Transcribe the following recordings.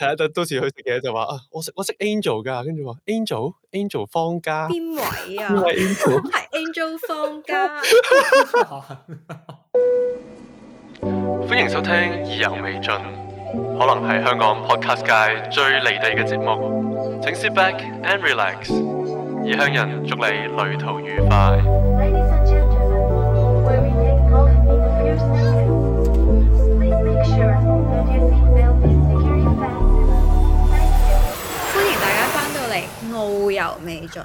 係啊，到到時去食嘢就話啊，我食我識 Angel 噶，跟住話 Angel，Angel 方家邊位啊？係 Angel? Angel，方家。啊、 歡迎收聽，意猶未盡，可能係香港 Podcast 界最離地嘅節目，請 sit back and relax，異鄉人祝你旅途愉快。有未盡？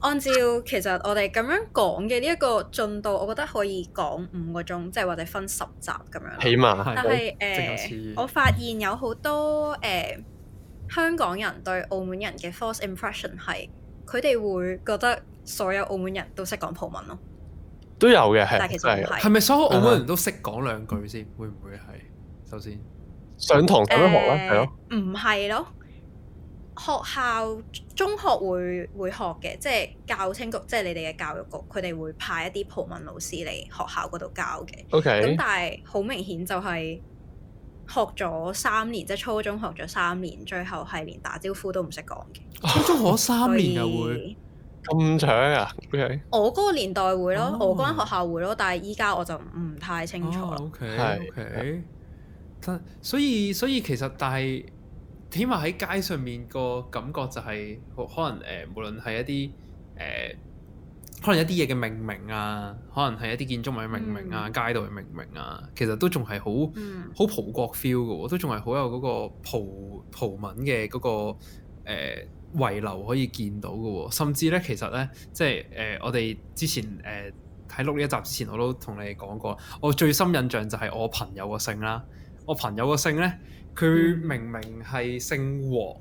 按照其實我哋咁樣講嘅呢一個進度，我覺得可以講五個鐘，即係或者分十集咁樣。起碼係。但係誒，我發現有好多誒、呃、香港人對澳門人嘅 false impression 係，佢哋會覺得所有澳門人都識講葡文咯。都有嘅，但係其實唔係。係咪所有澳門人都識講兩句先？會唔會係？首先上堂點樣學咧？係、呃、咯，唔係咯。學校中學會會學嘅，即係教青局，即係你哋嘅教育局，佢哋會派一啲葡文老師嚟學校嗰度教嘅。O K，咁但係好明顯就係學咗三年，即係初中學咗三年，最後係連打招呼都唔識講嘅。初、哦、初中學三年又會咁長啊？Okay，okay，我嗰個年代會咯，我嗰間學校會咯，oh. 但係依家我就唔太清楚啦。O K，O K，但所以所以其實但係。起碼喺街上面個感覺就係、是、可能誒、呃，無論係一啲誒、呃，可能一啲嘢嘅命名啊，可能係一啲建築物嘅命名啊、嗯、街道嘅命名啊，其實都仲係好好葡國 feel 嘅喎、哦，都仲係好有嗰個葡葡文嘅嗰、那個誒、呃、遺留可以見到嘅喎、哦，甚至咧其實咧，即係誒、呃、我哋之前誒喺錄呢一集之前我都同你講過，我最深印象就係我朋友嘅姓啦，我朋友嘅姓咧。佢明明係姓黃，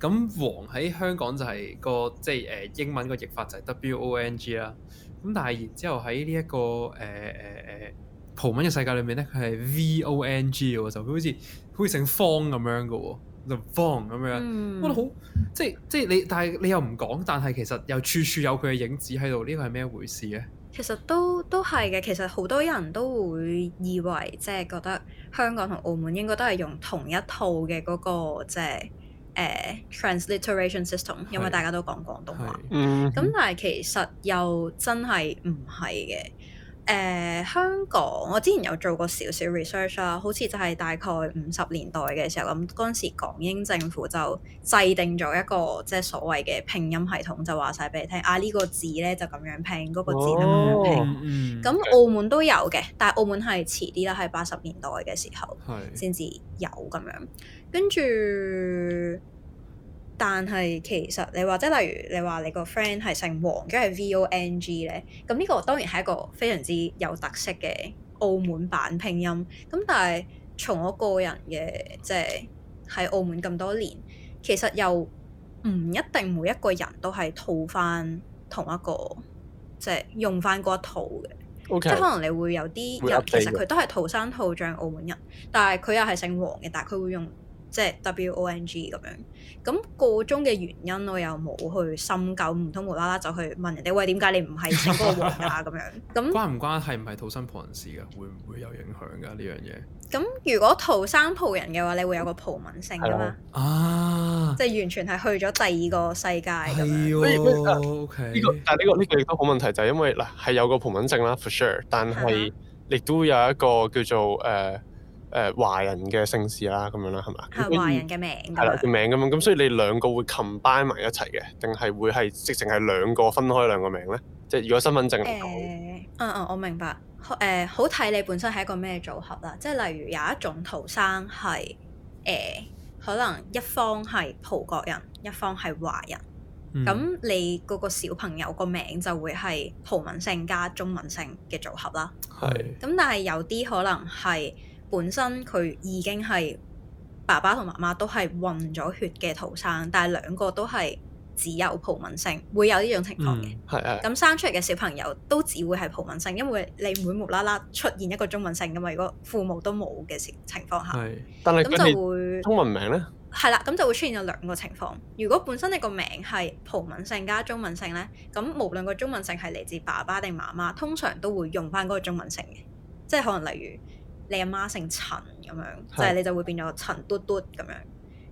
咁黃喺香港就係個即係誒、呃、英文個譯法就係 W O N G 啦、這個，咁但係然之後喺呢一個誒誒誒葡文嘅世界裏面咧，佢係 V O N G 喎，就佢好似好似姓方咁樣嘅喎、哦，就方咁樣，我好即係即係你，但係你又唔講，但係其實又處處有佢嘅影子喺度，呢個係咩回事咧？其實都都係嘅，其實好多人都會以為即係覺得香港同澳門應該都係用同一套嘅嗰、嗰個即係、呃、transliteration system，因為大家都講廣東話。咁、嗯、但係其實又真係唔係嘅。誒、uh, 香港，我之前有做過少少 research 啦，好似就係大概五十年代嘅時候咁，嗰陣時港英政府就制定咗一個即係所謂嘅拼音系統，就話晒俾你聽啊呢、呢個字咧就咁樣拼，嗰、嗰個字就咁樣拼。咁、哦嗯、澳門都有嘅，但係澳門係遲啲啦，係八十年代嘅時候先至有咁樣。是跟住。但係其實你或者例如你話你個 friend 係姓黃，即係 V O N G 咧，咁呢個當然係一個非常之有特色嘅澳門版拼音。咁但係從我個人嘅即係喺澳門咁多年，其實又唔一定每一個人都係套翻同一個即係用翻嗰一套嘅。Okay, 即係可能你會有啲人其實佢都係土生土長澳門人，但係佢又係姓黃嘅，但係佢會用。即係 W O N G 咁樣，咁、那個中嘅原因我又冇去深究，唔通無啦啦就去問人哋，喂點解你唔係嗰個王啊咁樣？咁 那關唔關係唔係土生葡人事嘅？會唔會有影響㗎呢樣嘢？咁如果土生葡人嘅話，你會有個葡文姓㗎嘛？吧啊！即係完全係去咗第二個世界㗎。係喎，OK。呢、這個但係呢個呢個亦都冇問題，就係、是、因為嗱係有個葡文姓啦，for sure，但係亦都有一個叫做誒。呃誒、呃、華人嘅姓氏啦、啊，咁樣啦，係嘛、嗯？係華人嘅名，係啦，嘅名咁樣。咁所以你兩個會 combine 埋一齊嘅，定係會係直情係兩個分開兩個名咧？即係如果身份證嚟講，嗯嗯、呃呃呃，我明白。誒、呃，好睇你本身係一個咩組合啦。即係例如有一種土生係誒、呃，可能一方係葡國人，一方係華人。咁、嗯、你嗰個小朋友個名就會係葡文姓加中文姓嘅組合啦。係是。咁但係有啲可能係。本身佢已經係爸爸同媽媽都係混咗血嘅土生，但係兩個都係只有葡文姓，會有呢種情況嘅。係咁、嗯、生出嚟嘅小朋友都只會係葡文姓，因為你唔會無啦啦出現一個中文姓噶嘛。如果父母都冇嘅情情況下，但係咁就會。中文名咧？係啦，咁就會出現咗兩個情況。如果本身你個名係葡文姓加中文姓咧，咁無論個中文姓係嚟自爸爸定媽媽，通常都會用翻嗰個中文姓嘅，即係可能例如。你阿媽姓陳咁樣，就係你就會變咗陳嘟嘟咁樣。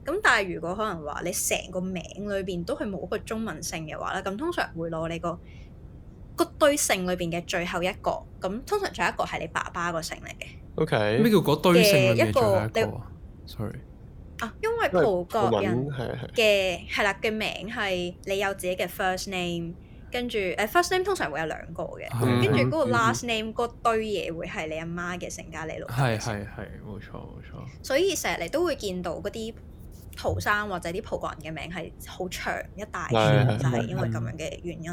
咁的但係如果可能話，你成個名裏邊都係冇一個中文姓嘅話咧，咁通常會攞你個堆姓裏邊嘅最後一個。咁通常有爸爸 okay, 最後一個係你爸爸個姓嚟嘅。OK，咩叫堆姓一個，sorry。啊，因為葡國人嘅係啦嘅名係你有自己嘅 first name。跟住，誒、呃、first name 通常會有兩個嘅， 跟住嗰個 last name 嗰堆嘢會係你阿媽嘅成家裏老。係係係，冇錯冇錯。所以成日你都會見到嗰啲土生或者啲葡國人嘅名係好長一大串，就係 因為咁樣嘅原因。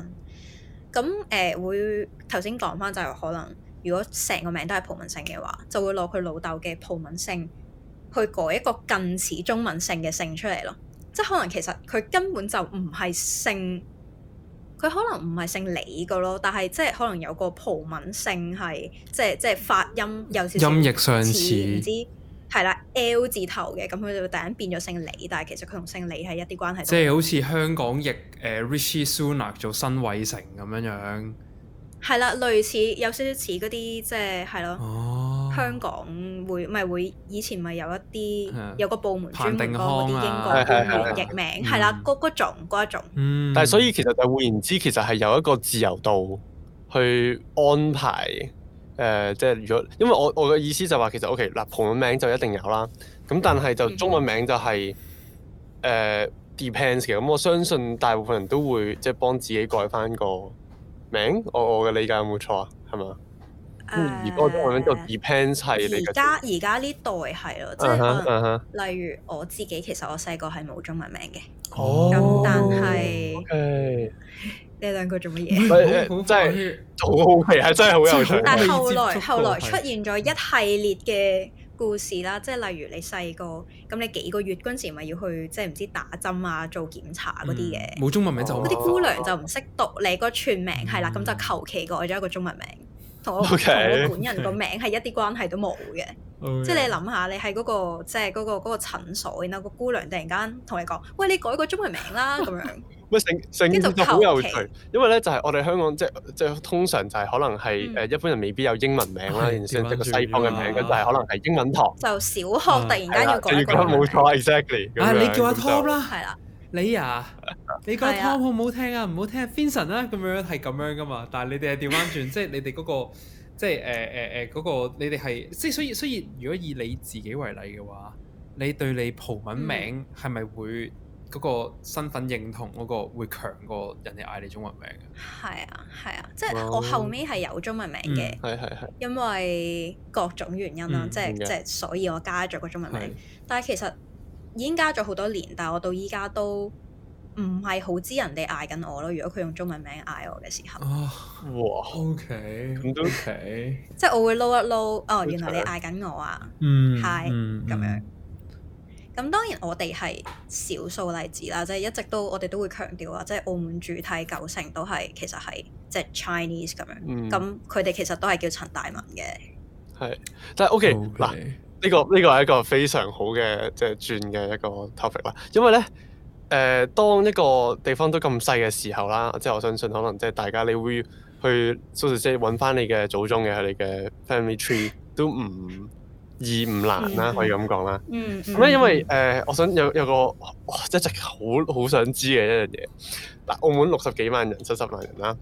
咁誒、呃，會頭先講返就係可能，如果成個名都係葡文姓嘅話，就會攞佢老豆嘅葡文姓去改一個近似中文姓嘅姓出嚟咯。即係可能其實佢根本就唔係姓。佢可能唔係姓李個咯，但係即係可能有個葡文姓係即係即係發音有少少音譯上似，唔知係啦 L 字頭嘅，咁佢就會突然變咗姓李，但係其實佢同姓李係一啲關係。即係好似香港譯誒、呃、Rishi Sunak 做辛偉誠咁樣樣，係啦， 類似有少少似嗰啲即係係咯。哦。香港會咪會以前咪有一啲的有個部門專門講嗰啲英國嘅原譯名係啦，嗰種嗰一種。嗯，嗯但係所以其實就換言之，其實係有一個自由度去安排誒，即、呃、係、就是、如果因為我我嘅意思就話，其實 OK，實嗱葡文名就一定有啦，咁但係就中文名就係誒 depends 嘅咁，我相信大部分人都會即係、就是、幫自己改翻個名。我我嘅理解有冇錯啊？係嘛？而而家而家呢代係咯，即係、uh huh, uh huh。例如我自己，其實我細個係冇中文名嘅，咁但係你兩個做乜嘢？即係好好奇，係真係好有趣。但係後來後來出現咗一系列嘅故事啦，即係例如你細個咁，你幾個月嗰陣時咪要去即係唔知打針啊、做檢查嗰啲嘅。冇、嗯、中文名就嗰啲姑娘就唔識讀你嗰串名係啦，咁、嗯、就求其改咗一個中文名。我本人個名係一啲關係都冇嘅，即係你諗下，你喺嗰個即係嗰個嗰個診所，然後個姑娘突然間同你講：喂，你改個中文名啦咁樣。喂，姓姓唔同好有趣，因為咧就係我哋香港即係即係通常就係可能係誒一般人未必有英文名啦，然之後即係西方嘅名，跟住就係可能係英文堂就小學突然間要改。正確冇錯，exactly。你叫阿 Tom 啦，係啦。你啊，你個 Tom 好唔好聽啊？唔好聽、啊、Vincent 啦、啊，咁樣係咁樣噶嘛。但係你哋係調翻轉， 即係你哋嗰、嗰個，即係誒誒誒嗰個，你哋係即係所以所以，如果以你自己為例嘅話，你對你葡文名係咪會嗰、嗯、個身份認同嗰個會強過人哋嗌你中文名嘅？係啊，係啊，即係、嗯、我後尾係有中文名嘅，係係係，嗯、係係係因為各種原因啦，嗯、即係即係，的所以我加咗個中文名，的但係其實。已經加咗好多年，但係我到依家都唔係好知人哋嗌緊我咯。如果佢用中文名嗌我嘅時候，哇，OK，咁都 OK。 即係我會撈一撈，哦，長原來你嗌緊我啊，嗯，係咁樣。咁當然我哋係少數例子啦，即係一直都我哋都會強調啊，即係澳門主體九成都係其實係即係 Chinese 咁樣。咁佢哋其實都係叫陳大文嘅。係，但係 OK 嗱 Okay.。呢、這個呢、這個係一個非常好嘅即係轉嘅一個 topic 啦，因為咧誒、呃，當一個地方都咁細嘅時候啦，即係我相信可能即係大家你會去，所以即係揾翻你嘅祖宗嘅係你嘅 family tree 都唔易唔難啦，嗯、可以咁講啦嗯。嗯。咁咧，因為誒、呃，我想有有個一直好好想知嘅一樣嘢，嗱，澳門六十幾萬人、七十萬人啦，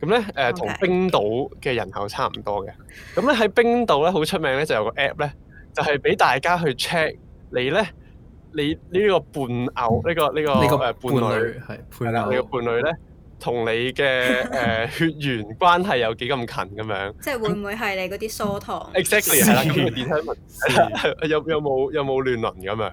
咁咧誒，同、呃、冰島嘅人口差唔多嘅，咁咧喺冰島咧好出名咧就有個 app 咧。就係俾大家去 check 你咧，你呢，你個伴偶伴伴呢個呢個誒伴侶，係伴侶嘅伴侶咧，同你嘅誒血緣關係有幾咁近咁樣？ 即係會唔會係你嗰啲疏堂？Exactly 係 啦，佢哋 有有冇有冇亂倫咁樣？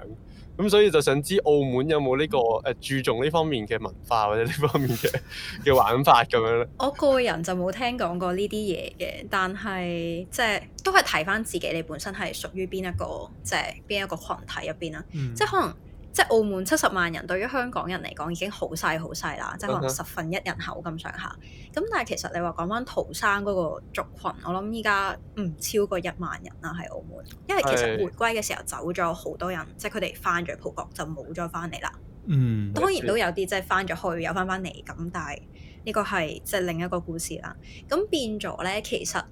咁、嗯、所以就想知澳門有冇呢、這個誒、呃、注重呢方面嘅文化或者呢方面嘅嘅 玩法咁樣咧？我個人就冇聽講過呢啲嘢嘅，但係即係都係睇翻自己你本身係屬於邊一個即係邊一個群體入邊啦。嗯、即係可能。即係澳門七十萬人對於香港人嚟講已經好細好細啦，即係可能十分一人口咁上下。咁 Okay. 但係其實你話講翻土生嗰個族群，我諗依家唔超過一萬人啦喺澳門，因為其實回歸嘅時候走咗好多人，mm. 即係佢哋翻咗葡國就冇再翻嚟啦。嗯，mm. 當然都有啲即係翻咗去又翻翻嚟咁，但係呢個係即係另一個故事啦。咁變咗咧，其實。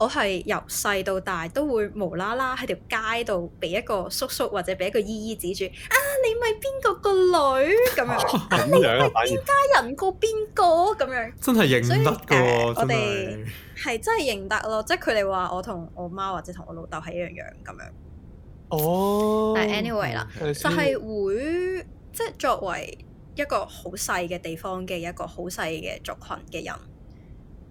我係由細到大都會無啦啦喺條街度俾一個叔叔或者俾一個姨姨指住啊！你咪邊個個女咁樣？ 啊、你咪邊家人個邊個咁樣？真係認得嘅喎，以啊、真係真係認得咯！即係佢哋話我同我媽或者同我老豆係一樣樣咁樣。哦，但 anyway 啦，就係會即係作為一個好細嘅地方嘅一個好細嘅族群嘅人。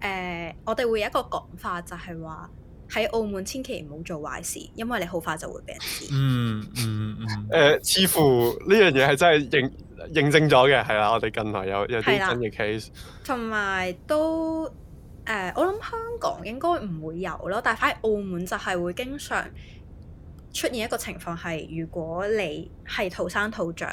誒，uh, 我哋會有一個講法，就係話喺澳門千祈唔好做壞事，因為你好快就會俾人知、嗯。嗯嗯嗯、 呃。似乎呢樣嘢係真係認認證咗嘅，係啦，我哋近來有有啲新嘅 case。同埋都誒、呃，我諗香港應該唔會有咯，但係反而澳門就係會經常出現一個情況係，如果你係土生土長，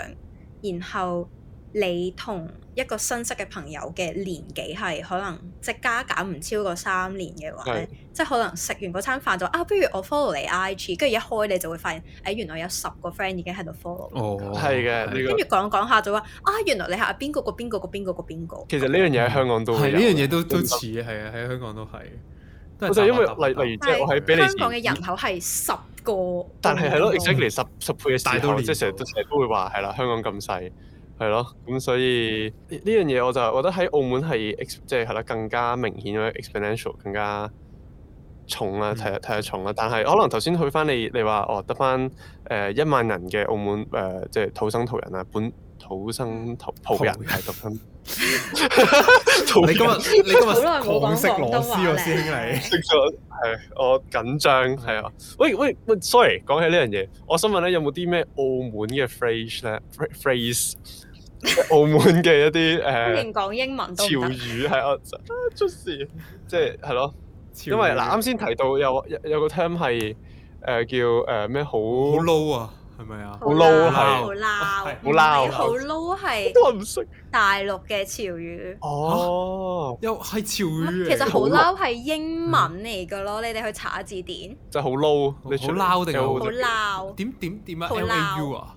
然後，你同一個新識嘅朋友嘅年紀係可能即加減唔超過三年嘅話咧，即可能食完嗰餐飯就啊，不如我 follow 你 IG，跟住一開你就會發現誒，原來有十個 friend 已經喺度 follow。哦，係嘅。跟住講講下就話啊，原來你係阿邊個個邊個個邊個個邊個。其實呢樣嘢喺香港都係呢樣嘢都都似係啊，喺香港都係。我就因為例例如即我喺畀你香港嘅人口係十個，但係係咯 exactly 十十倍嘅時候，即成日都成日都會話係啦，香港咁細。係咯，咁所以呢樣嘢我就覺得喺澳門係即係係啦，更加明顯咯，exponential 更加重啦，睇睇下重啦。但係可能頭先去翻你，你話哦得翻誒一萬人嘅澳門誒、呃，即係土生土，土，生土人啊，本土生土人係獨生。你今日你今日廣識螺絲啊，師兄，係我緊張係啊。喂喂喂，sorry，講起呢樣嘢，我想問咧有冇啲咩澳門嘅 phrase 咧？phrase 澳門嘅一啲誒，連講英文潮語係啊出事，即係係咯，因為嗱啱先提到有有有個 term 係誒叫誒咩好 low 啊，係咪啊？好 low 係，好 low，好 low 係。都都唔識大陸嘅潮語。哦，又係潮語。其實好 low 係英文嚟噶咯，你哋去查字典。真係好 low，你好 low 定好 low？點點點啊？好 low 啊！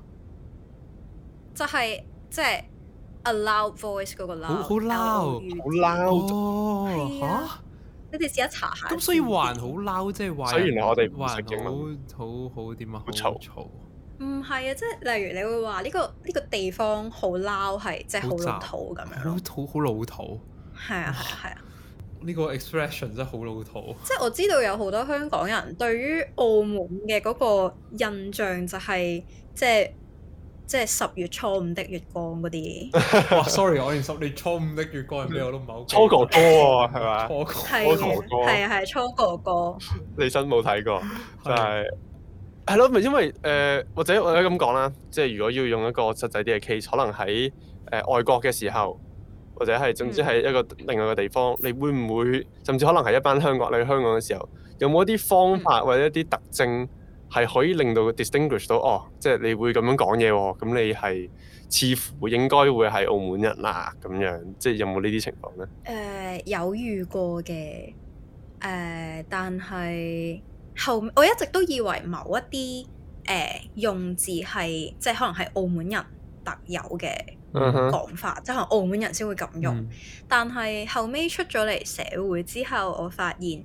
就係。即係 a loud voice 嗰個撈，好撈，好撈喎！嚇！你哋試下查下。咁所以話人好撈，即係話雖然我哋環境好好好點啊？好嘈嘈。唔係啊，即係例如，你會話呢個呢個地方好撈，係即係好老土咁樣咯。好土好老土。係啊係啊係啊！呢個 expression 真係好老土。即係我知道有好多香港人對於澳門嘅嗰個印象就係即係。即係十月初五的月光嗰啲。 哇，sorry，我連十月初五的月光係咩我都唔係好講。初哥哥喎，係嘛？初哥哥，係啊係初哥哥。你生冇睇過，就係係咯，咪 的因為誒、呃，或者我而家咁講啦，即係如果要用一個實際啲嘅 case，可能喺誒、呃、外國嘅時候，或者係總之係一個另外嘅地方，mm. 你會唔會甚至可能係一班香港？你去香港嘅時候，有冇一啲方法或者一啲特徵？係可以令到佢 distinguish 到哦，即係你會咁樣講嘢喎，咁、嗯、你係似乎應該會係澳門人啦，咁樣即係有冇呢啲情況呢？誒、uh，有遇過嘅，誒，但係後我一直都以為某一啲誒用字係即係可能係澳門人特有嘅講法，即係可能澳門人先會咁用。但係後尾出咗嚟社會之後，我發現，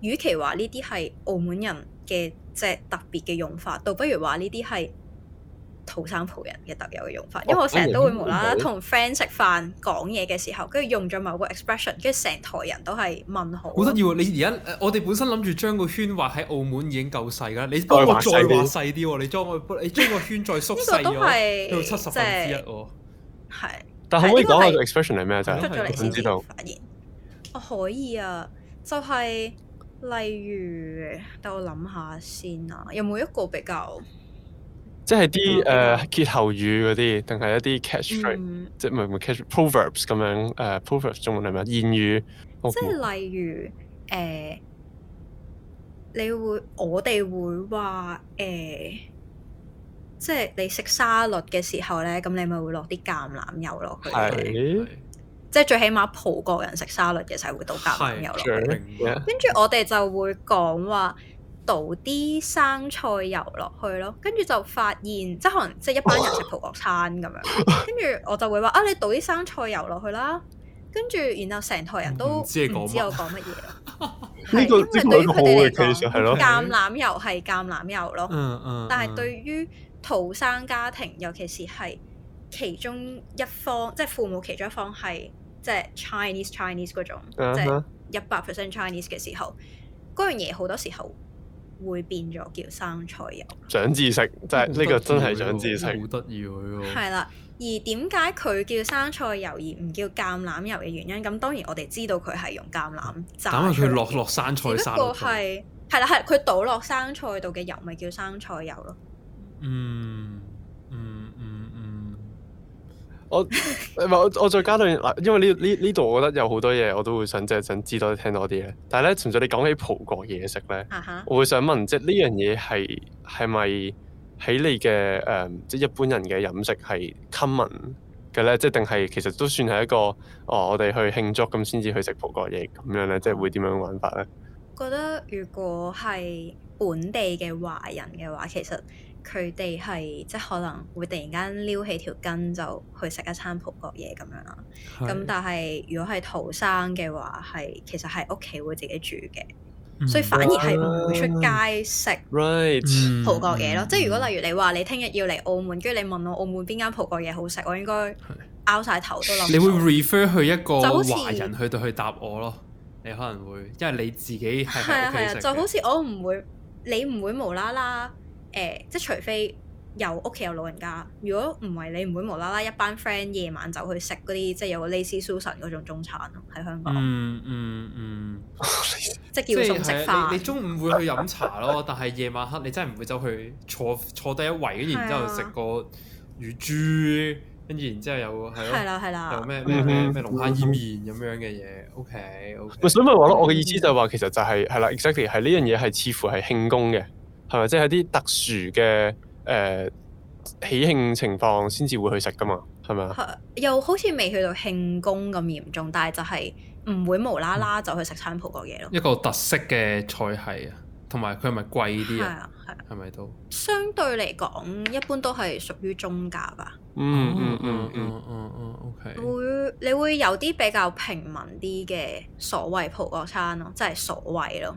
與其話呢啲係澳門人。嘅即係特別嘅用法，倒不如話呢啲係土生葡人嘅特有嘅用法。Oh, 因為我成日都會無啦啦同 friend 食飯講嘢嘅時候，跟住用咗某個 expression，跟住成台人都係問號。好得意喎！你而家我哋本身諗住將個圈畫喺澳門已經夠細啦，你幫我再畫細啲，你將你將個圈再縮細。呢 都係即係七十分之一喎。就係、但可唔可以講下個 expression 係咩？真係唔知道發現。我可以啊，就係、係。例如，等我諗下先啊，有冇一個比較，即係啲誒歇後語嗰啲，定係一啲 catchphrase，mm hmm. 即係唔係唔係 catchphrases proverbs 咁樣誒 proverbs 中文係咩？諺、uh, 語，即係例如誒、呃，你會我哋會話誒、呃，即係你食沙律嘅時候咧，咁你咪會落啲橄欖油落去。 的即係最起碼葡國人食沙律嘅時候會倒橄欖油落去，跟住的我哋就會講話倒啲生菜油落去咯。跟住就發現即係可能即係一班人食葡國餐咁樣，跟住我就會話啊你倒啲生菜油落去啦。跟住然後成台人都唔知，講知我講乜嘢。呢 因為對於佢哋嚟講， 橄欖油係橄欖油咯。嗯嗯嗯、但係對於土生家庭，尤其是係其中一方，即係父母其中一方係。即係 Ch Chinese Chinese 嗰種，uh huh. 即係一百 percent Chinese 嘅時候，嗰樣嘢好多時候會變咗叫生菜油。長知識，即係呢個真係長知識，好得意喎。係、呢、啦、個，而點解佢叫生菜油而唔叫橄欖油嘅原因？咁當然我哋知道佢係用橄欖榨。但佢落落生菜。不過係係啦，係佢倒落生菜度嘅油咪叫生菜油咯。嗯。嗯。 我我，我再加多嗱，因為呢呢呢度我覺得有好多嘢我都會想即係、就是、想知多聽多啲嘅。但係咧，純粹你講起葡國嘢食咧，uh huh. 我會想問即係呢樣嘢係係咪喺你嘅誒、嗯、即係一般人嘅飲食係 common 嘅咧？即係定係其實都算係一個哦，我哋去慶祝咁先至去食葡國嘢咁樣咧？即係會點樣玩法咧？覺得如果係本地嘅華人嘅話，其實佢哋係即係可能會突然間撩起條筋就去食一餐葡國嘢咁樣啦。咁是但係如果係土生嘅話，係其實係屋企會自己煮嘅，所以反而係唔會出街食葡國嘢咯。即係如果例如你話你聽日要嚟澳門，跟住你問我澳門邊間葡國嘢好食，我應該拗晒頭都諗唔到。你會 refer 去一個華人去到去答我咯？你可能會，因為你自己係啊，係啊，就是、好似我唔會，你唔會，會無啦啦。誒、呃，即係除非有屋企有老人家，如果唔係，你唔會無啦啦一班 friend 夜晚走去食嗰啲即係有個 Lazy Susan 嗰種中餐咯，喺香港。嗯嗯嗯。嗯嗯 即係叫中式飯。你中午會去飲茶咯，但係夜晚黑你真係唔會走去坐坐低一圍，跟住然之後食個乳豬，跟住然之後有係咯，有咩咩咩咩龍蝦伊麵咁樣嘅嘢。O K O K。唔、嗯、所以咪話咯，我嘅意思就係話其實就係係啦，exactly 係、exactly，呢樣嘢係似乎係慶功嘅。係咪即係啲特殊嘅誒，喜慶情況先至會去食噶嘛？係咪又好似未去到慶功咁嚴重，但係就係唔會無啦啦就去食餐葡國嘢咯。一個特色嘅菜系啊，同埋佢係咪貴啲啊？係啊，係咪都？相對嚟講，一般都係屬於中價吧。嗯嗯嗯嗯嗯嗯。O K。會，你會有啲比較平民啲嘅所謂葡國餐咯，即係所謂咯。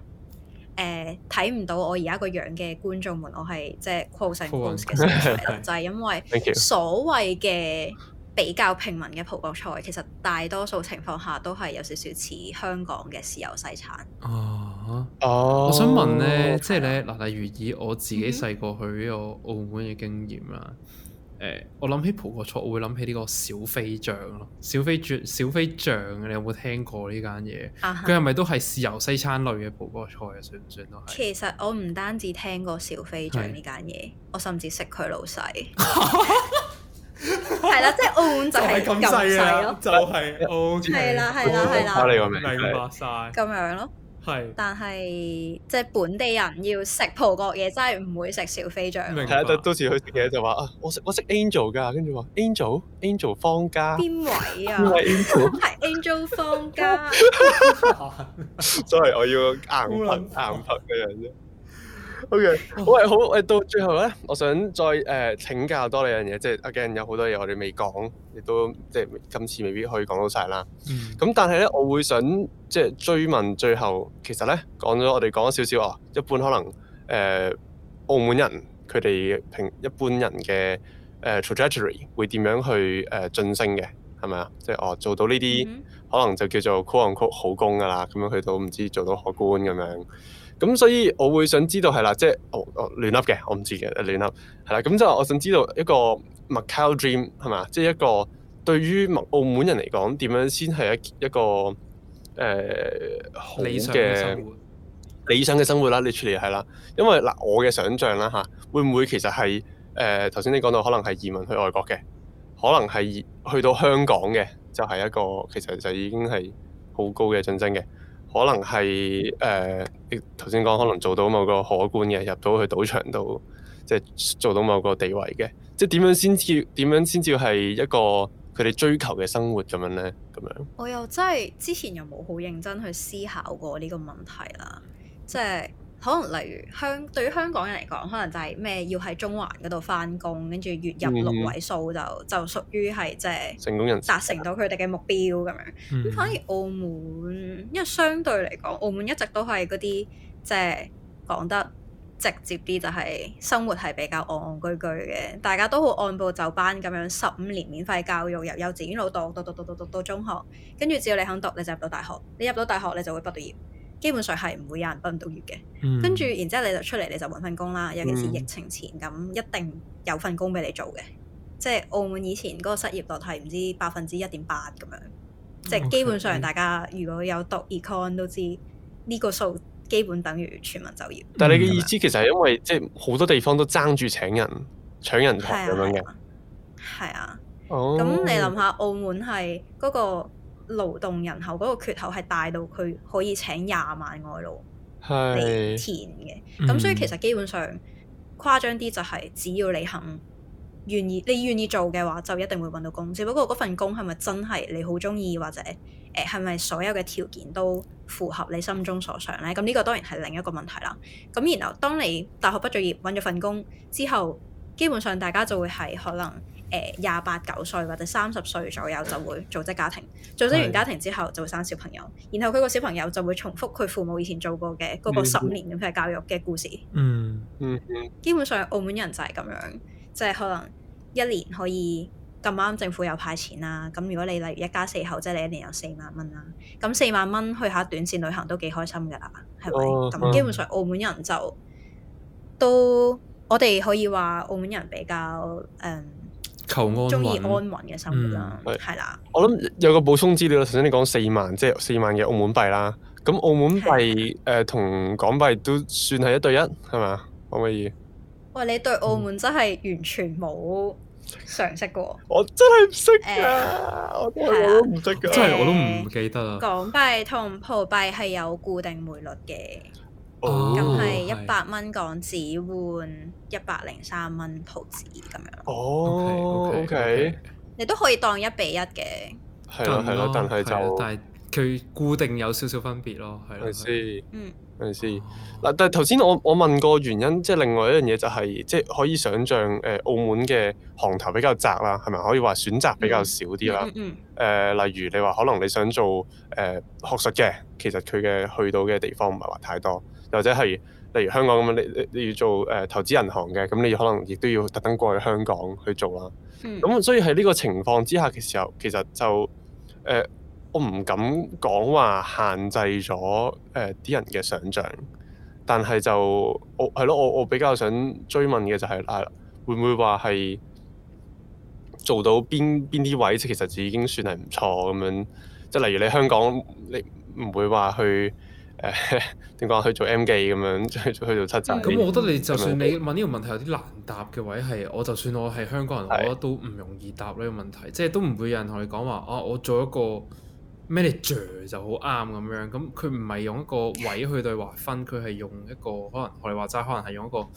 誒睇唔到我而家個樣嘅觀眾們，我係即係 close in close 嘅狀態啦，就係、是、 因為所謂嘅比較平民嘅葡國菜，其實大多數情況下都係有少少似香港嘅豉油西餐。哦、啊，哦，oh, okay. 我想問咧，即係咧嗱，例如以我自己細個去呢個澳門嘅經驗啦。Mm hmm. 誒、欸，我諗起葡國菜，我會諗起呢個小飛象咯，小飛象小飛象，你有冇聽過呢間嘢？佢係咪都係豉油西餐類嘅葡國菜啊？算唔算都係？其實我唔單止聽過小飛象呢間嘢，對 我甚至識佢老細。係啦， 即係澳門就係咁細啦，就係澳門。係啦、 OK，係啦，係啦，你個名明白曬咁樣咯。是但係即係本地人要食葡國嘢，真係唔會食小飛象。係啊，到到時去食嘢就話啊，我食我識 Angel 噶，跟住話 Angel Angel 方家邊位啊？係 Angel 方家，Sorry 我要硬撲 硬撲嘅人啫。o k 好，Okay. oh. 喂，好，喂，到最後咧，我想再誒、呃、請教多你樣嘢，即係 again 有好多嘢我哋未講，亦都即係今次未必可以講到晒啦。咁、mm hmm. 嗯、但係咧，我會想即係追問最後，其實咧講咗我哋講少少哦，一般可能誒、呃、澳門人佢哋平一般人嘅誒、呃、trajectory 會點樣去誒晉、呃、升嘅係咪啊？即係哦做到呢啲、mm hmm. 可能就叫做 quote unquote 好工㗎啦，咁樣去到唔知做到何官咁樣。咁所以我會想知道係啦，即係哦哦亂噏嘅，我唔知嘅亂噏係啦。咁即係我想知道一個 Macau Dream 係嘛？即係一個對於麥澳門人嚟講點樣先係一一個誒、呃、好嘅生活？理想嘅生活啦。你出嚟係啦，因為嗱、呃、我嘅想像啦吓，會唔會其實係誒頭先你講到可能係移民去外國嘅，可能係去到香港嘅，就係、是、一個其實就已經係好高嘅進身嘅。可能係誒頭先講，可能做到某個可觀嘅入到去賭場度，即係做到某個地位嘅，即係點樣先至點樣先至係一個佢哋追求嘅生活咁樣呢？咁樣。我又真係之前又冇好認真去思考過呢個問題啦，即係。可能例如香對於香港人嚟講，可能就係咩要喺中環嗰度翻工，跟住月入六位數就就屬於係即係成功人達成到佢哋嘅目標咁樣。咁反而澳門，因為相對嚟講，澳門一直都係嗰啲即係講得直接啲，就係生活係比較戇戇居居嘅，大家都好按部就班咁樣。十五年免費教育由幼稚園，老讀到到到到到中學，跟住只要你肯讀，你就入到大學。你入到大學，你就會畢到業。基本上係唔會有人揾唔到業嘅，跟住、嗯、然之後你就出嚟你就揾份工啦。尤其是疫情前咁，嗯、一定有份工俾你做嘅。即係澳門以前嗰個失業率係唔知百分之一點八咁樣，Okay. 即係基本上大家如果有讀 Econ 都知呢、呢個數基本等於全民就業。但係你嘅意思其實係因為即係好多地方都爭住請人、搶人頭咁樣嘅，係啊。啊啊哦。咁你諗下，澳門係嗰、嗰個勞動人口嗰個缺口係大到佢可以請廿萬外勞嚟填嘅，咁是所以其實基本上、嗯、誇張啲就係只要你肯願意，你願意做嘅話，就一定會揾到工。只不過嗰份工係咪真係你好中意，或者誒係咪所有嘅條件都符合你心中所想呢？咁呢個當然係另一個問題啦。咁然後當你大學畢咗業揾咗份工之後，基本上大家就會係可能。廿八九歲或者三十歲左右就會組織家庭，組織完家庭之後就會生小朋友。是然後佢個小朋友就會重複佢父母以前做過嘅嗰個十五年嘅教育嘅故事。嗯嗯嗯、基本上澳門人就係咁樣，即、就、係、是、可能一年可以咁啱政府有派錢啦、啊。咁如果你例如一家四口，即、就、係、是、你一年有四萬蚊啦、啊。咁四萬蚊去下短線旅行都幾開心㗎啦，係咪？咁、哦、基本上澳門人就都我哋可以話澳門人比較、嗯求安，中意安穩嘅生活啦，係啦、嗯。的我諗有個補充資料啦，頭先你講四萬，即係四萬嘅澳門幣啦。咁澳門幣誒同的、呃、港幣都算係一對一，係咪啊？可唔可以？喂，你對澳門、嗯、真係完全冇常識嘅喎？我真係唔識噶，我真係我都唔識噶，真係我都唔記得啊、呃！港幣同葡幣係有固定匯率嘅。咁係一百蚊港紙換一百零三蚊葡紙咁樣。哦、oh，OK，okay, okay. 你都可以當一比一嘅。係咯、啊，係咯、啊啊，但係就、啊、但係佢固定有少少分別咯，係咪先？啊啊啊、嗯，係咪先？嗱，但係頭先我我問過原因，即、就、係、是、另外一樣嘢就係、是，即、就、係、是、可以想像誒、呃、澳門嘅行頭比較窄啦，係咪？可以話選擇比較少啲啦。嗯，嗯，嗯，嗯、呃。例如你話可能你想做誒、呃、學術嘅，其實佢嘅去到嘅地方唔係話太多。或者係例如香港咁樣，你你要做誒、呃、投資銀行嘅，咁你可能亦都要特登過去香港去做啦。咁、嗯、所以喺呢個情況之下嘅時候，其實就誒、呃、我唔敢講話限制咗誒啲人嘅想像，但係就我係咯，我我、我比較想追問嘅就係、係、係、啊、會唔會話係做到邊邊啲位，其實就已經算係唔錯咁樣。即係例如你香港，你唔會話去。誒點講去做 M 記咁樣， 去做七仔。咁、嗯、我覺得你就算你問呢個問題有啲難答嘅位係，吧我就算我係香港人，是我覺得都唔容易答呢個問題，是即係都唔會有人同你講話，啊，我做一個 manager 就好啱咁樣。咁佢唔係用一個位去對劃分，佢係 用一個可能我哋話齋，可能係用一個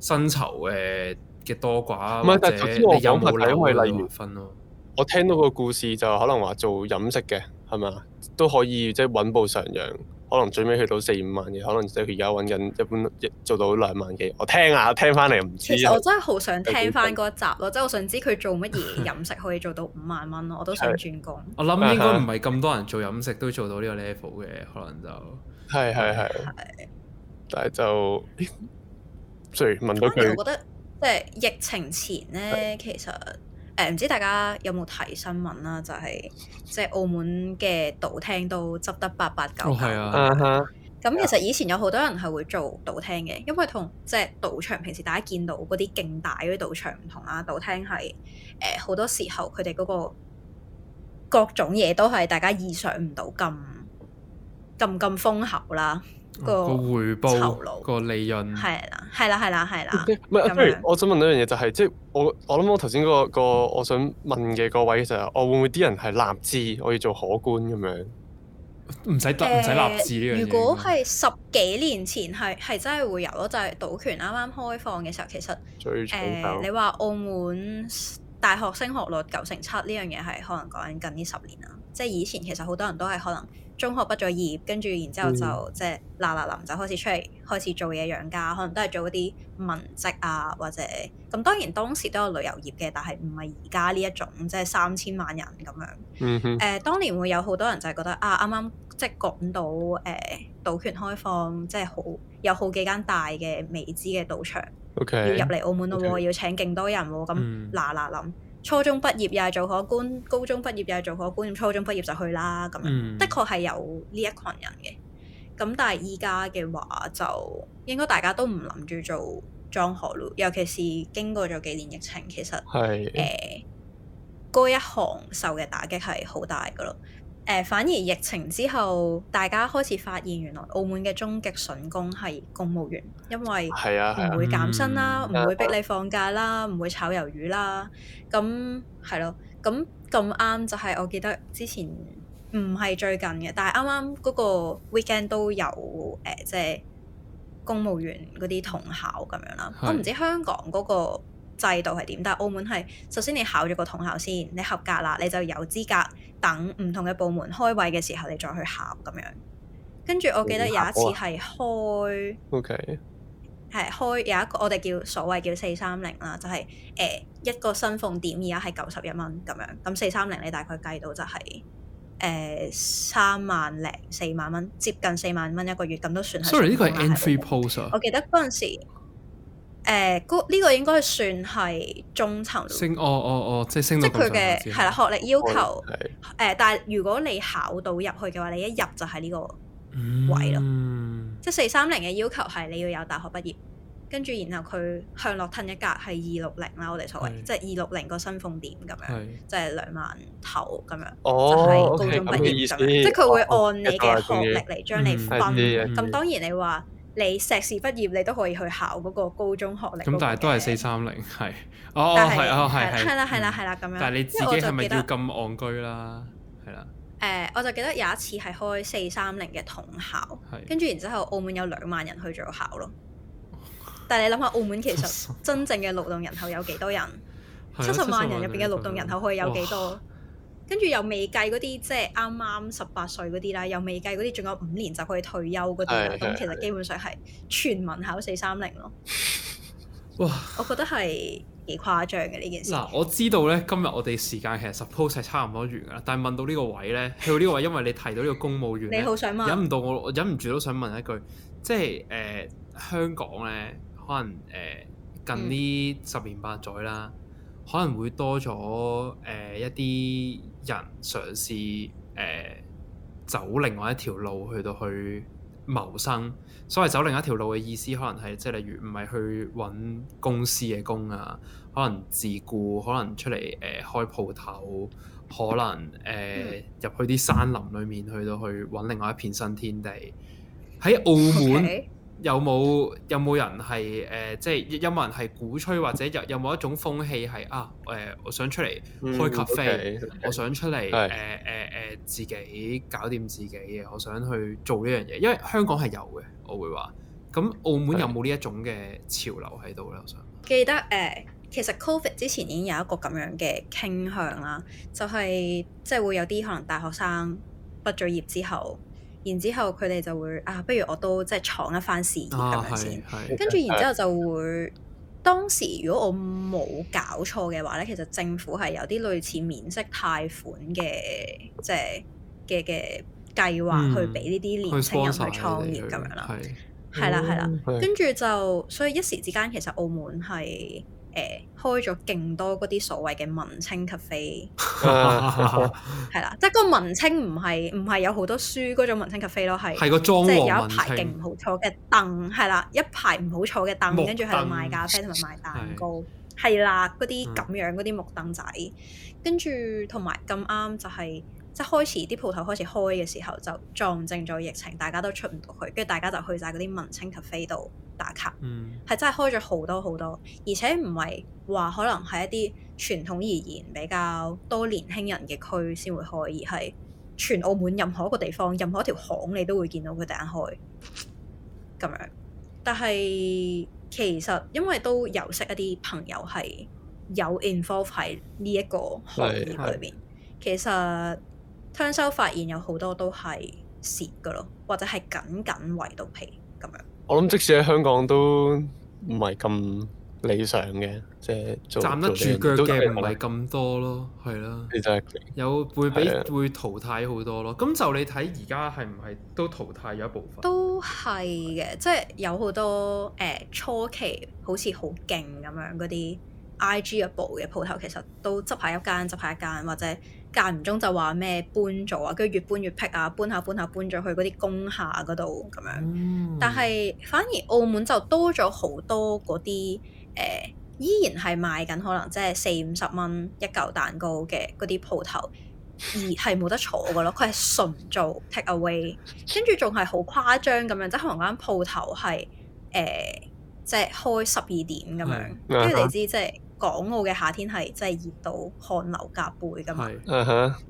薪酬誒嘅多寡，或者但你有冇例如？我聽到個故事就可能話做飲食嘅係咪啊？都可以即係穩步上揚。 可能最尾去到四五萬嘅，可能即係而家揾緊，一般做到兩萬幾。我聽下，聽翻嚟唔知。其實我真係好想聽翻嗰一集咯，即係我想知佢做乜嘢飲食可以做到五萬蚊咯， 我都想轉工。我諗應該唔係咁多人做飲食都做到呢個 level 嘅，可能就係係係。但係就雖然咦問到佢，我覺得即係疫情前呢，的其實。誒唔、嗯、知大家有冇睇新聞啦、啊，就係、是、即係澳門嘅賭廳都執得八八九九。啊，咁、嗯啊、其實以前有好多人係會做賭廳嘅，因為同即係賭場平時大家見到嗰啲勁大嗰啲賭場唔同啦，賭廳係誒好多時候佢哋嗰個各種嘢都係大家意想唔到咁咁咁豐厚啦。個回報、酬勞弄個利潤，係啦、啊，係啦、啊，係啦、啊，係啦、啊。不如我想問一樣嘢，就係即係我我諗，我頭先、那個、那個、嗯、我想問嘅嗰位就係、是，我會唔會啲人係立志，我要做可觀咁樣，樣？唔使得，唔使立志呢樣嘢。如果係十幾年前係係真係會有咯，就係、是、賭權啱啱開放嘅時候，其實誒、呃、你話澳門大學升學率九成七呢樣嘢係可能講緊近呢十年啦，即係以前其實好多人都係可能。中學畢咗業，跟住然之後就、嗯、即係嗱嗱臨就開始出嚟開始做嘢養家，可能都係做一啲文職啊，或者咁當然當時都有旅遊業嘅，但係唔係而家呢一種即係三千萬人咁樣。誒、嗯哼呃，當年會有好多人就係覺得啊，啱啱即係講到誒賭權開放，即係好有好幾間大嘅美資嘅賭場 okay，要入嚟澳門咯，okay. 要請勁多人喎，咁嗱嗱臨。嗯嗯初中畢業又係做荷官，高中畢業又係做荷官，初中畢業就去啦。咁，嗯、的確係有呢一群人嘅。咁但係依家嘅話，就應該大家都唔諗住做莊荷咯。尤其是經過咗幾年疫情，其實誒嗰是、呃、一行受嘅打擊係好大㗎咯。誒、呃，反而疫情之後，大家開始發現原來澳門嘅終極筍工係公務員，因為唔會減薪啦，唔、啊啊嗯、會逼你放假啦，唔、嗯、會炒魷魚啦。咁係咯，咁咁啱就係我記得之前唔係最近嘅，但係啱啱嗰個 weekend 都有誒，即、呃、係、就是、公務員嗰啲同考咁樣啦。是我唔知香港嗰、那個。制度係點？但係澳門係首先你考咗個統考先，你合格啦，你就有資格等唔同嘅部門開位嘅時候，你再去考咁樣。跟住我記得有一次係開，OK，係開有一個我哋叫所謂叫四三零啦，就係誒一個薪俸點而家係九十一蚊咁樣，咁四三零你大概計到就係誒三萬零四萬蚊，接近四萬蚊一個月，咁都算係。sorry 呢個係 entry post 啊，我記得嗰陣時。誒，呢個應該算係中層哦哦哦，即係升即係佢嘅係啦，學歷要求誒，但係如果你考到入去嘅話，你一入就係呢個位咯，即係四三零嘅要求係你要有大學畢業，跟住然後佢向落褪一格係二六零啦，我哋所謂即係二六零個身份點，咁樣，即係兩萬頭咁樣，就係高中畢業，就即係佢會按你嘅學歷嚟將你分，咁當然你話。你碩士畢業你都可以去考嗰個高中學歷。咁但係都係四三零係，哦哦係係係啦係啦係啦咁樣。但係你自己係咪要咁戇居啦？係啦。誒，我就記得有一次係開四三零嘅統考，跟住然之後，後澳門有兩萬人去咗考咯。但係你諗下，澳門其實真正嘅勞動人口有幾多人？七十 萬人入邊嘅勞，勞動人口可以有幾多？跟住又未計嗰啲即係啱啱十八歲嗰啲啦，又未計嗰啲，仲有五年就可以退休嗰啲。咁其實基本上係全民考四三零咯。哇！我覺得係幾誇張嘅呢件事。嗱、呃，我知道咧，今日我哋時間其實 suppose 係差唔多完噶啦。但係問到呢個位咧，去到呢個位，因為你提到呢個公務員， 你好想問，忍唔到我，我忍唔住都想問一句，即係誒、呃、香港咧，可能誒、呃、近呢十年八載啦。嗯可能會多咗誒、呃、一啲人嘗試誒、呃、走另外一條路去到去謀生。所謂走另一條路嘅意思，可能係即係例如唔係去揾公司嘅工啊，可能自僱，可能出嚟誒、呃、開鋪頭，可能誒、呃、入去啲山林裏面去到去揾另外一片新天地。喺澳門。Okay. 有冇有冇人係誒、呃，即係有冇人係鼓吹，或者有有冇一種風氣係啊誒、呃，我想出嚟開咖啡，嗯、okay, okay. 我想出嚟誒誒誒自己搞掂自己嘅，我想去做呢樣嘢。因為香港係有嘅，我會話，咁澳門有冇呢一種嘅潮流喺度咧？的我想記得誒、呃，其實 COVID 之前已經有一個咁樣嘅傾向啦，就係即係會有啲可能大學生畢咗業之後。然之後佢哋就會啊，不如我都即係闖一番事業咁樣先。跟住、啊、然之後就會，啊、當時如果我冇搞錯嘅話咧，其實政府係有啲類似免息貸款嘅，即係嘅嘅計劃去俾呢啲年輕人去創業咁、嗯、樣啦。係啦係啦，跟住樣就所以一時之間其實澳門係。誒開咗勁多嗰啲所謂嘅文青 cafe，係啦，即係、 就是、個文青唔係唔係有好多書嗰種文青 cafe 咯，係係個裝潢，即係有一排勁唔好坐嘅凳，係啦，一排唔好坐嘅凳，跟住喺度賣咖啡同埋賣蛋糕，係啦是，嗰啲咁樣嗰啲木凳仔，跟住同埋咁啱就係即係開始啲鋪頭開始開嘅時候，就撞正咗疫情，大家都出唔到去，跟住大家就去晒嗰啲文青 cafe 度。打卡，係、嗯、真係開咗好多好多，而且唔係話可能係一啲傳統而言比較多年輕人嘅區先會開，而係全澳門任何一個地方，任何一條巷你都會見到佢第一開咁樣。但係其實因為都有識一啲朋友係有 involve 喺呢一個行業裏面。其實聽收發現有好多都係蝕噶咯，或者係緊緊圍到皮咁樣。我諗即使喺香港都唔係咁理想嘅，即係站得住腳嘅唔係咁多咯，係 啦。其實 Exactly. 有會比 會淘汰好多咯。咁就你睇而家係唔係都淘汰咗一部分？都係嘅，即係有好多誒、呃、初期好似好勁咁樣嗰啲 I G 嘅鋪嘅鋪頭，其實都執下一間，執下一間或者。間唔中就話咩搬走啊，跟住越搬越僻啊，搬下搬下搬咗去嗰啲工廈嗰度咁樣。嗯、但係反而澳門就多咗好多嗰啲誒，依然係賣緊可能即係四五十蚊一嚿蛋糕嘅嗰啲鋪頭，而係冇得坐嘅咯。佢係 純做 take away，跟住仲係好誇張咁、即係呃即係、樣，即係可能間鋪頭係誒即係開十二點咁樣。跟、嗯、住你知即係。 港澳嘅夏天係真係熱到汗流浹背噶嘛，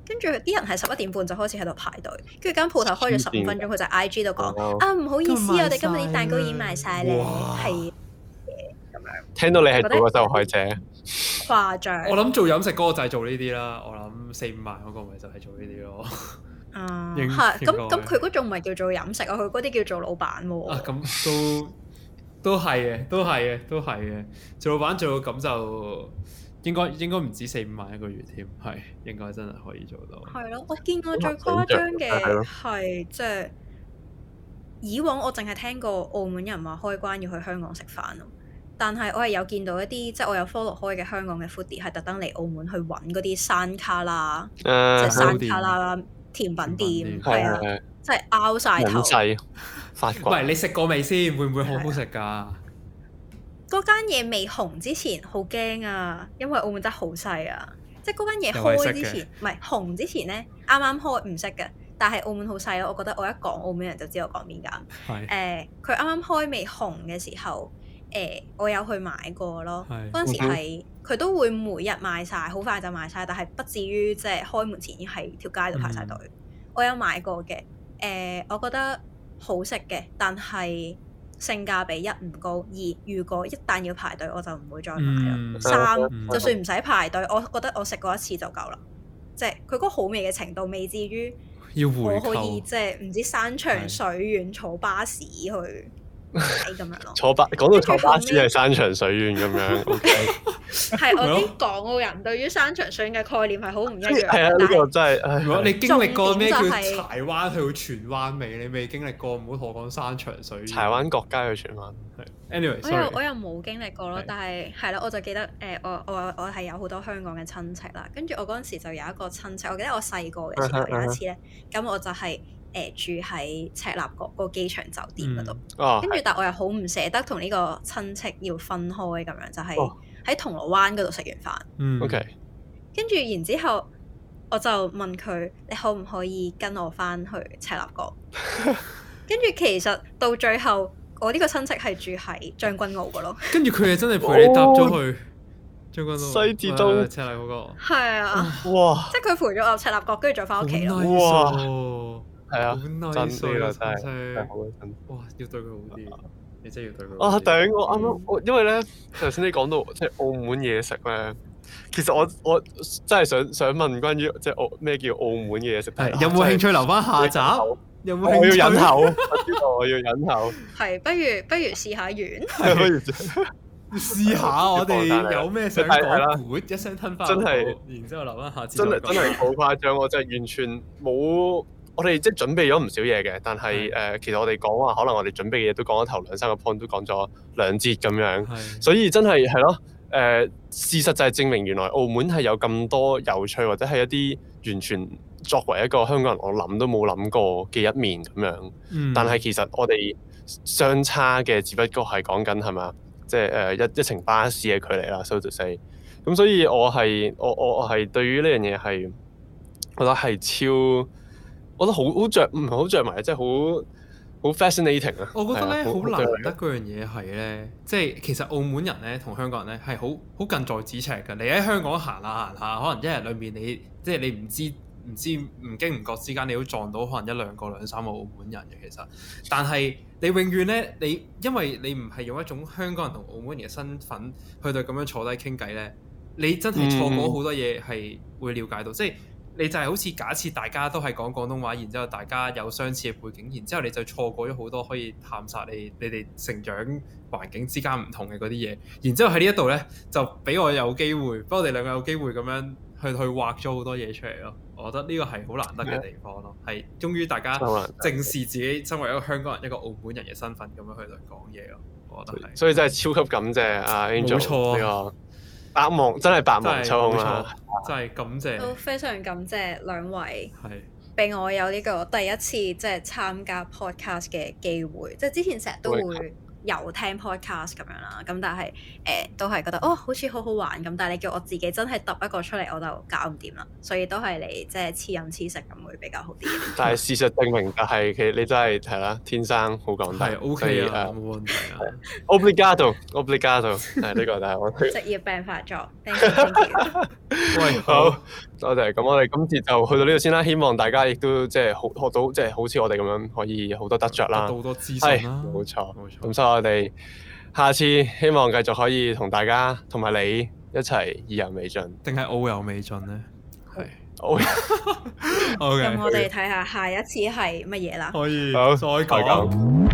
跟住啲人係十一點半就開始喺度排隊，跟住間鋪頭開咗十五分鐘，佢點就 IG 度講：oh, 啊唔好意思，我哋今日啲蛋糕已經賣晒。你係咁樣。聽到你係做個受害者，誇張。 我諗做飲食嗰個就係做呢啲啦，我諗四五萬嗰個咪就係做呢啲咯。 uh, 啊，係咁咁，佢嗰種唔係叫做飲食啊，佢嗰啲叫做老闆喎。啊，咁都。都係嘅，都係嘅，都係嘅。做老闆做到咁就應該應該唔止四五萬一個月添，係應該真係可以做到。係咯，我見過最誇張嘅係即係以往我淨係聽過澳門人話開關要去香港食飯咯，但係我係有見到一啲即係我有 follow 開嘅香港嘅 foodie 係特登嚟澳門去揾嗰啲山卡拉，即係山卡啦甜品店，係啊、呃，即係拗晒頭。唔係你食過未先？會唔會好好食㗎？嗰間嘢未紅之前，好驚啊！因為澳門真係好細啊，即係嗰間嘢開之前，唔係紅之前呢，啱啱開唔識嘅。但係澳門好細咯，我覺得我一講澳門人就知道講邊間。係佢啱啱開未紅嘅時候，誒、啊、我有去買過咯。係嗰陣時係佢都會每日賣晒，好快就賣晒，但係不至於即係開門前已經喺條街度排晒隊。嗯、我有買過嘅，誒、啊、我覺得。好食嘅，但係性價比一唔高。二如果一旦要排隊，我就唔會再買啦。嗯、三、嗯、就算唔使排隊，嗯、我覺得我食過一次就夠啦。即係佢嗰個好味嘅程度，未至於我可以即係唔知山長水遠坐巴士去。咁樣咯，坐八講到坐巴士係山長水遠咁樣。係，我知港澳人對於山長水遠嘅概念係好唔一樣。係啊，呢個真係，如果你經歷過咩叫柴灣去荃灣未？你未經歷過，唔好同我講山長水遠。柴灣國家，去荃灣。係，anyway。我又我又冇經歷過咯，但係係啦，我就記得誒，我我我係有好多香港嘅親戚啦，跟住我嗰陣時就有一個親戚，我記得我細個嘅時候有一次咧，咁我就係。誒住喺赤鱲角嗰個機場酒店嗰度，跟住但我又好唔捨得同呢個親戚要分開咁樣，就係喺銅鑼灣嗰度食完飯。嗯，OK。跟住然之後，我就問佢：你可唔可以跟我翻去赤鱲角？跟住其實到最後，我呢個親戚係住喺將軍澳噶咯。跟住佢係真係陪你搭咗去將軍澳西鐵到赤鱲角。係啊，哇！即係佢陪咗我赤鱲角，跟住再翻屋企咯。係啊，真啲啊，真係哇，要對佢好啲，你真係要對佢。啊頂！我啱啱我因為咧，頭先你講到即係澳門嘢食咧，其實我我真係想想問關於即係澳咩叫澳門嘢食。有冇興趣留翻下集？有冇興趣？要忍口，我要忍口。係不如不如試下完？不如試下我哋有咩想講？會一聲吞翻真係，然之後留翻下次。真係真係好誇張，我真係完全冇。我哋即係準備咗唔少嘢嘅，但係誒是的、呃，其實我哋講話可能我哋準備嘅嘢都講咗頭兩三個 point，都講咗兩節咁樣，是的 所以真係係咯誒。事實就係證明原來澳門係有咁多有趣，或者係一啲完全作為一個香港人我諗都冇諗過嘅一面咁樣。嗯、但係其實我哋相差嘅，只不過係講緊係咪，即係誒一一程巴士嘅距離啦，so to say。咁所以我係我我我係對於呢樣嘢係我覺得係超。我覺得好好著，唔係好著埋，即係好好 fascinating 啊！我覺得咧，好難得嗰樣嘢係咧，即係其實澳門人咧同香港人咧係好好近在咫尺嘅。你喺香港行下行下，可能一日裡面你即係你唔知唔知唔經唔覺之間，你都撞到可能一兩個兩三個澳門人嘅。其實，但係你永遠咧，你因為你唔係用一種香港人同澳門人嘅身份去對咁樣坐低傾偈咧，你真係錯過好多嘢係會了解到，即係、嗯。你就係好似假設大家都係講廣東話，然之後大家有相似嘅背景，然之後你就錯過咗好多可以探索你你哋成長環境之間唔同嘅嗰啲嘢。然之後喺呢一度呢，就俾我有機會，幫我哋兩個有機會咁樣去去畫咗好多嘢出嚟咯。我覺得呢個係好難得嘅地方咯，係終於大家正視自己身為一個香港人、Yeah. 一個澳門人嘅身份，咁樣去嚟講嘢咯。我覺得係，所以真係超級感謝啊 Angel 冇錯百忙真係百忙抽空啦，真係感謝， 都非常感謝兩位，俾我有呢個第一次即係參加 podcast 嘅機會，即係之前成日都會。又聽 podcast 咁樣啦，咁但係誒、呃、都係覺得哦，好似好好玩咁，但係你叫我自己真係揼一個出嚟，我就搞唔掂啦，所以都係你即係黐飲黐食咁會比較好啲。但係事實證明，係其實你真係係啦，天生好講大，OK 啊以，冇、uh, 問題啊。Obrigado，Obrigado 但係呢、 這個，就係我職業病發作。喂，好。好多謝，咁，我哋今次就去到呢度先啦。希望大家亦都即係、就是、好學到，即、就、係、是、好似我哋咁樣，可以好多得着啦，好多知識啦。冇錯，冇錯。咁錯所以我哋下次希望繼續可以同大家，同埋你一齊意猶未盡，定係澳遊未盡咧。係是，澳遊。咁我哋睇下下一次係乜嘢啦？可以再講。